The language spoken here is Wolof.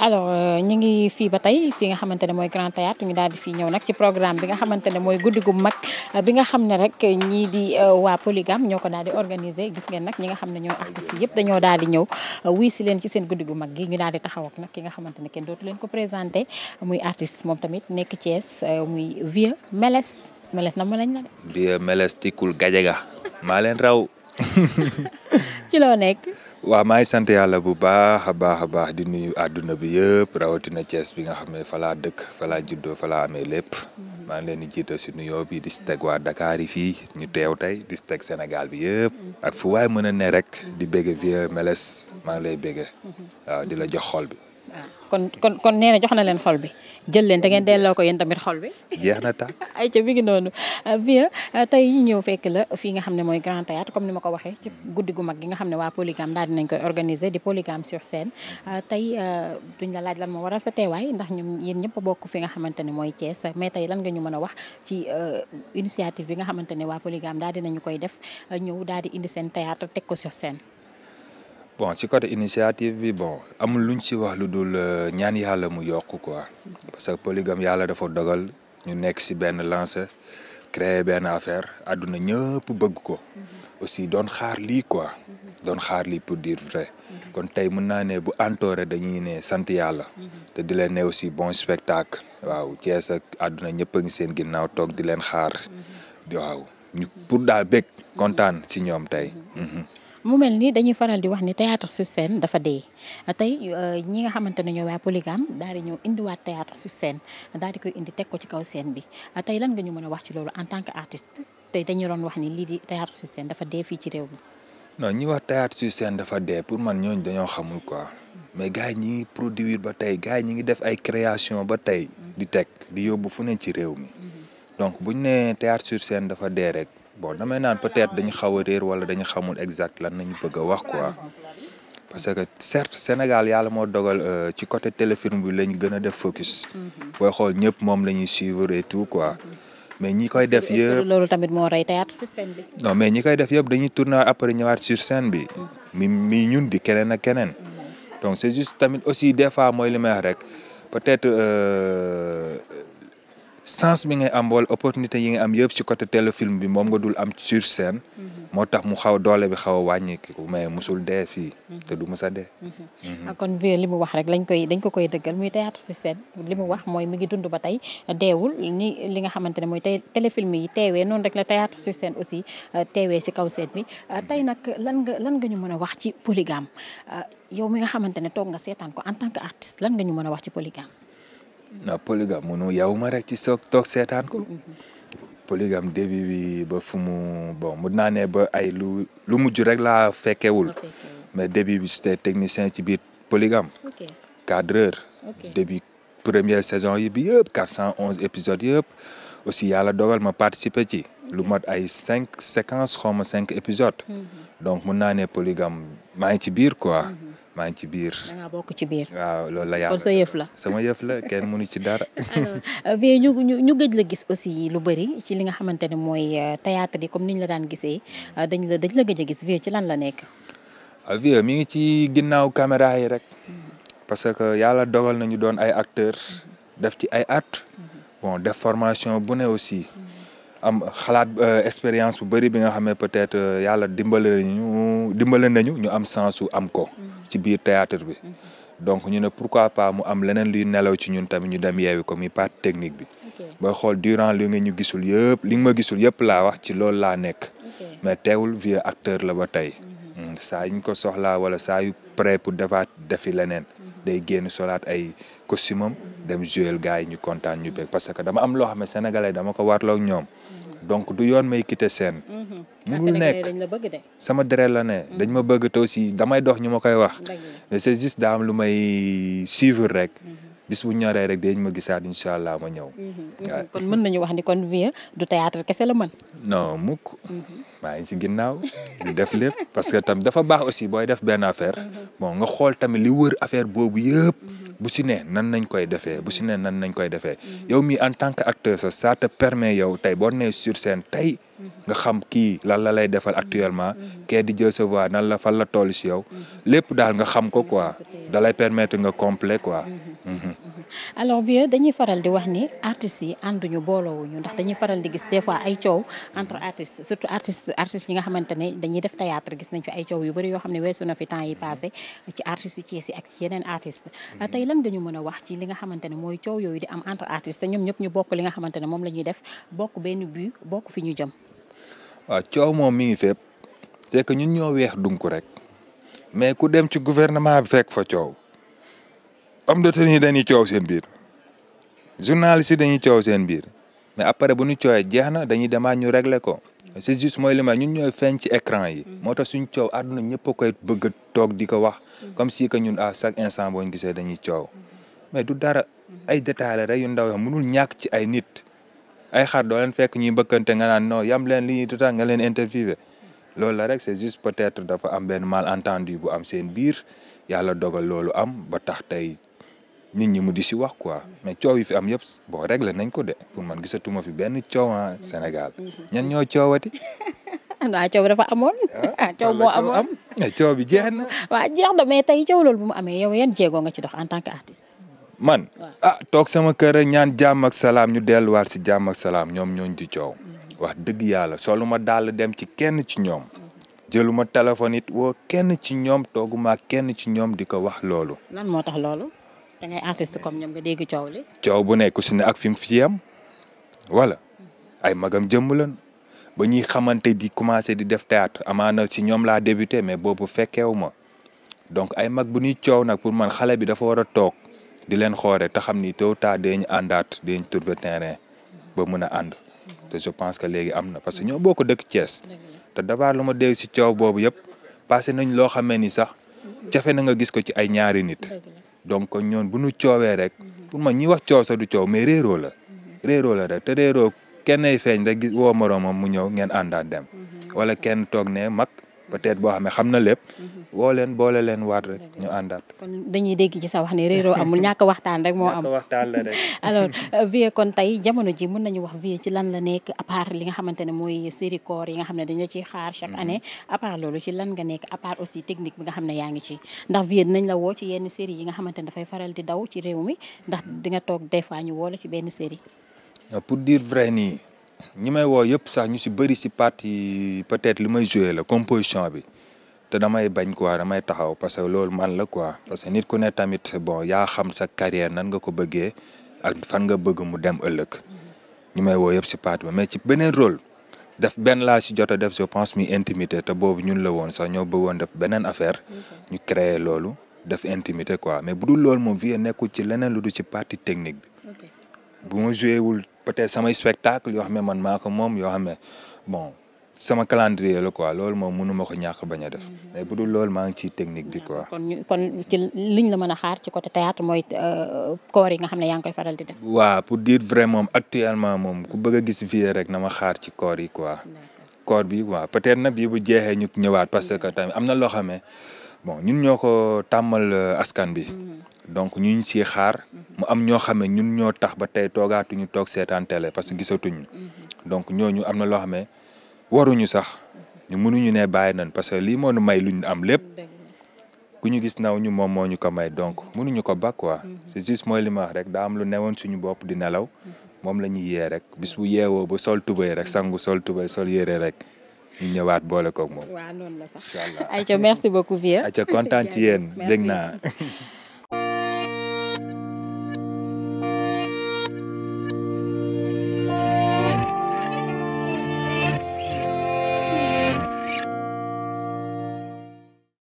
alors euh, ñu ngi fii ba tey fii nga xamante ne mooy Grand Théâtre ñu daal di fii ñëw nag ci programme bi nga xamante ne mooy guddi gu mag euh, bi nga xam ne rek ñii di euh, waa polygame ñoo ko daal di organiser gis ngeen nag ñi nga xam ne ñoo artistes yëpp dañoo daal di ñëw si leen ci seen guddi gu mag gi ñu daal di taxaw ak nag ki nga xamante ne kenn dootu leen ko présenté muy artist moom tamit nekk Thiès muy Vieux Meles Meles na mu lañ na de. Vieux Meles Tikul Gajaga maa leen raw. waaw maa ngi sant yàlla bu baax a baax a baax di nuyu àdduna bi yëpp rawatina Thiès bi nga xam ne fa dëkk falaa juddoo falaa amee lépp mhm. maa ngi leen di jiital si nuyoo bi di si teg waa Dakar yi fii ñu teew tey di si teg Sénégal bi yëpp ak fu waay mën a ne rek di mhm. bégge Vieux Meles maa ngi lay bégge mhm. waaw di la jox xol bi waaw kon kon kon nee na jox na leen xol bi jël leen te ngeen delloo ko yéen tamit xol bi. jeex na tàkk ay ca mi noonu. bien ah, ah, tey ñëw fekk la fii nga xam ne mooy Grand Théâtre comme ni ma ko waxee ci guddi mag gi nga xam ne waa Polygame dinañ koy organiser di Polygame sur scène ah, tey duñ la laaj lan moo waral sa teewaay ndax ñun yéen ñëpp bokk fi nga xamante ne mooy Thiès mais tey lan nga ñu mën a wax ci initiative bi nga xamante ne waa Polygame daal dinañu koy def ñëw daal di indi seen théâtre teg ko sur scène. bon ci côté initiative bi bon amul ñu ci wax lu dul euh, ñaan yàlla mu yokk quoi parce que polygame yàlla dafa dogal ñu nekk ci benn lancé créer benn affaire àdduna ñëpp bëgg ko mhm. aussi doon xaar lii quoi mhm. doon xaar lii pour diir vrai mhm. kon tey mën naa ne bu entouré dañuy ne sant yàlla te di leen ne aussi bon spectacle waaw ceesa ak àdduna ñëpp ngi seen ginnaaw toog di leen xaar waaw ñu pour daal bëgg kontaan ci ñoom tey mu mel ni dañuy faral di wax ni théâtre sur scène dafa dee tey euh, ñi nga xamante ne ñooy waa polygame daal di ñëw indiwaat théâtre sur scène daal di koy indi teg ko ci kaw scène bi tey lan nga ñu mën a wax ci loolu en tant que artiste tey dañu doon wax ni lii di théâtre sur scène dafa dee fii ci réew mi. non wax théâtre sur scène dafa dee pour man ñooñu dañoo xamul quoi mais gars yi ñi ngi produire ba tey gars yi ñi ngi def ay création ba tey di teg di yóbbu fu ne ci réew mi mm-hmm. donc buñ ne théâtre sur scène dafa dee rek. bon damay naan peut-être dañu a réer wala dañu xamul exact lan nañu bëgg a wax quoi parce que certes Sénégal yàlla moo dogal euh, ci côté téléfilm bi la ñu gën a def focus. Mm-hmm. booy xool ñëpp moom la ñuy suivre et tout quoi. Mm-hmm. mais ñi koy def yëpp loolu tamit moo rey théâtre sur ñi koy def yëpp dañuy tourner après ñëwaat sur bi. Mm-hmm. mi ñun di keneen ak keneen. donc c'est juste tamit aussi des fois mooy li rek peut sens mi ngay am wala opportunité yi nga am yëpp ci côté téléfilm bi moom nga dul am sur mhm. moo tax mu xaw doole bi xaw a wàññiku mais musul dee fii. Mhm. te du mës a dee. Mhm. kon vieux li mu wax rek lañ koy dañ ko koy dëggal muy théâtre sur scène li mu wax mooy mi ngi dund ba tey deewul ni li nga xamante ne mooy tey téléfilm yi teewee noonu rek la théâtre sur scène aussi euh, teewee si kaw seet bi euh, tey nag lan nga lan nga ñu mën a wax ci polygame euh, yow mi nga xamante ne toog nga seetaan ko en tant que artiste lan nga ñu mën a wax ci polygame. ndax polygame munu yow ma rek ci soog toog seetaan ko polygame début bi ba fu mu bon mun naa ne ba ay lu lu mujj rek laa fekkewul mais début bi c'était technicien ci biir polygame cadreur début première saison yi bi yëpp quatre cent onze épisodes yëpp aussi yàlla dogal ma participer ci lu mot ay cinq séquences xaw ma cinq épisodes mhm. donc mun naa ne polygame maa ngi ci biir quoi mhm. maa ngi ci biir. da bokk ci biir. waaw loolu la yàlla kon sa yëf la. sama yëf la kenn mënu ci dara. alors bien euh, ñu ñu gëj la gis aussi lu bëri ci li nga xamante ne mooy euh, théâtre yi comme ni ñu la daan gisee euh, dañ la dañ la gëj gis vie ci lan la nekk. Ah, vie mi ngi ci ginnaaw caméra yi rek. Mm-hmm. parce que yàlla dogal nañu doon ay acteurs. Mm-hmm. def ci ay at. Mm-hmm. bon def formation bu ne aussi. am xalaat expérience bu bëri bi nga xam ne peut-être yàlla dimbale nañu dimbale nañu ñu am sens su am ko. ci biir théâtre bi mhm. donc ñu ne pourquoi pas mu am leneen luy nelaw ci ñun tamit ñu dem yeewi ko mi partie technique bi booy xool durant li nga ñu gisul yëpp li nga ma gisul yëpp laa wax ci loolu laa nekk mais teewul vieux acteur la ba tey mhm. mm, saa yuñ ko soxlaa wala saa yu prêt pour defaat defi leneen mhm. day génn solaat ay costume am dem jouer gars yi ñu kontaan ñu bëgg parce que dama am loo xam ne sénégalais dama ko warloo ñoom donc du yoon may quitté scène. mënul mhm. nekk sama deret la ne. Mhm. dañ ma bëgg te aussi damay dox ñu ma koy wax. mais c'est juste daa am lu may suivre rek. Mhm. bis bu ñoree rek dañ ma gisaat incha allah ma ñëw. kon mën nañu wax ni kon Vieux du théâtre kese la mën. non mukk. maa ngi si ginnaaw di def lépp parce que tam dafa baax aussi booy def benn affaire bon nga xool tamit li wër affaire boobu yëpp. bu si ne nan nañ koy defee bu si ne nan nañ koy defee mhm. yow mi en tant que acteur sa ça te permet yow tey boo nee sur scène tey mhm. nga xam kii lan la lay defal mhm. actuellement kee di jël sa voix nan la fan la toll si yow lépp daal nga xam ko quoi da lay permettre nga complet quoi alors bien dañuy faral di wax ni artistes yi ànduñu booloowuñu ndax dañuy faral di gis des fois ay coow entre artistes surtout artistes artistes yi nga xamante ne dañuy def théâtre gis nañ fi ay coow yu bëri yoo xam ne weesu na fi temps yi passé ci artistes yu yi ak ci yeneen artistes mhm. tey lan nga ñu mën a wax ci li nga xamante ne mooy coow yooyu di am entre artistes ñoom ñëpp ñu bokk li nga xamante ne moom la def bokk benn but bokk fi ñu jëm waaw coow moom mi ngi fépp c'est weex dunk rek mais ku dem ci gouvernement bi fekk homme de tenue dañuy coow seen biir journaliste yi dañu coow seen biir mais après bu nu coowee jeex na dañuy ñu régler ko c'est juste mooy li ñu ñun ñooy feeñ ci écran yi. moo tax suñ coow àdduna ñëpp koy bëgg a toog di ko wax. comme si que ñun à chaque instant boo ñu gisee dañuy coow. mais du dara ay détails la rek yu ndaw yoo mënul ñàkk ci ay nit. ay xar doo fekk ñuy bëkkante nga naan non yam leen li lii tax nga leen interviewé loolu la rek c'est juste peut-être dafa am benn malentendu bu am seen biir yàlla dogal loolu am ba tax tey. nit ñi mu di si wax quoi mais coow yi fi am yëpp bon réglé nañ ko de pour man gisatuma fi benn coow ah Sénégal mm-hmm. ñan ñoo coowati. ah coow dafa amoon. a ah, coow boo amoon ah coow bi jeex na. waaw jeex coow loolu bu mu amee yow yan jéego nga ci dox en tant que artiste. man ah toog sama kër ñaan jàmm ak salaam ñu delluwaat si jàmm ak salaam ñoom ñooñ di coow. Mm-hmm. wax dëgg yàlla soluma dàll dem ci kenn ci ñoom. jëluma téléphone it woo kenn ci ñoom tooguma kenn ci ñoom di ko wax loolu. moo tax loolu. da ngay enregistré comme ñoom nga dégg coow li. coow bu nekk si ne ak fi mu fi am wala ay magam jëmm lan ba ñuy xamante di commencé di def théâtre na si ñoom laa débuté mais boobu fekkeewu ma donc ay mag bu ñuy coow nag pour man xale bi dafa war a toog di leen xoore te xam ni tôt ou tard dañu àndaat dañu trouver terrain ba mën a ànd te je pense que léegi am na parce que ñoo ko dëkk Thiès te dafa lu ma dégg si coow boobu yëpp passé nañ loo xamee ni sax jafe na nga gis ko ci ay ñaari nit. donc ñoon bu ñu coowee rek pour ma ñi wax coow sa du coow mais réeroo la réeroo la rek te réeroo kenn ay feeñ rek woo moroomam mu ñëw ngeen àndaat dem mhm. wala kenn toog ne mag peut-être boo xam ne xam na lépp. Mhm. woo leen boole leen waat rek ñu àndaat. kon dañuy dégg ci sa wax ne réeroo amul ñàkk waxtaan rek moo am. ñàkk waxtaan la rek. Euh, kon tey jamono ji mën nañu wax Vieux ci lan la nekk à li nga xamante ne mooy série koor yi nga xam ne dañu ciy xaar chaque mhm. année à part loolu ci lan nga nekk à part aussi technique bi nga xam ne yaa ngi ci ndax Vieux dinañ la woo ci yenn série yi nga xamante ne dafay faral di daw ci réew mi ndax di nga toog des fois ñu woo la ci benn série. pour dire vrai nii ñi may woo yëpp sax ñu si bëri si parti peut-être li may joué la composition bi te damay bañ quoi damay taxaw parce que loolu man la quoi parce que nit ku ne tamit bon yaa xam sa carrière nan nga ko bëggee ak fan nga bëgg mu dem ëllëg ñu may woo yëpp si parti bi mais ci beneen rôle def benn laa si jot def je pense mi intimité te boobu ñun la woon sax ñoo woon def beneen affaire ñu créer loolu def intimité quoi mais bu dul loolu moom vie nekkul ci leneen lu du ci partie technique bi peut-être sama spectacle yo xam ne man maa ko moom yoo xam ne bon sama calendrier la quoi loolu moom mënu ma ko ñàkk bañ a def. Mhm. mais bu dul loolu maa ngi ciy technique bi quoi. kon kon ci liñ la mën a ci côté théâtre mooy euh, koor yi xam ne yaa ngi pour dire vrai moom actuellement moom ku bëgg gis vie rek na ma xaar ci koor yi quoi. koor bi wa peut-être nag bii bu jeexee ñu ñëwaat parce que mhm. tamit am na loo xamee bon ñun ñoo ko tàmmal euh, askan bi mhm. donc ñu ñu si xaar mhm. mu am ñoo xam ne ñun ñoo tax ba tey toogaatuñu toog seetaan télé parce que mhm. gisatuñu donc ñooñu am na loo xam ne waruñu sax ñu munuñu ne bàyyi nan parce que lii moo nu may luñ am lépp ku ñu gis naw ñu moom moo ñu ko may donc munuñu ko ba quoi c'est juste mooy li rek daa am lu newoon suñu bopp di nelaw moom la ñuy yee rek bis bu yeewoo ba sol tubéy rek sangu sol tubéy sol yére rek ñu ñëwaat boole koog moom. waaw noonu la sax incha allah ayca merci beaucoup Vieux. ayca kontaan ci yéen dégg naa.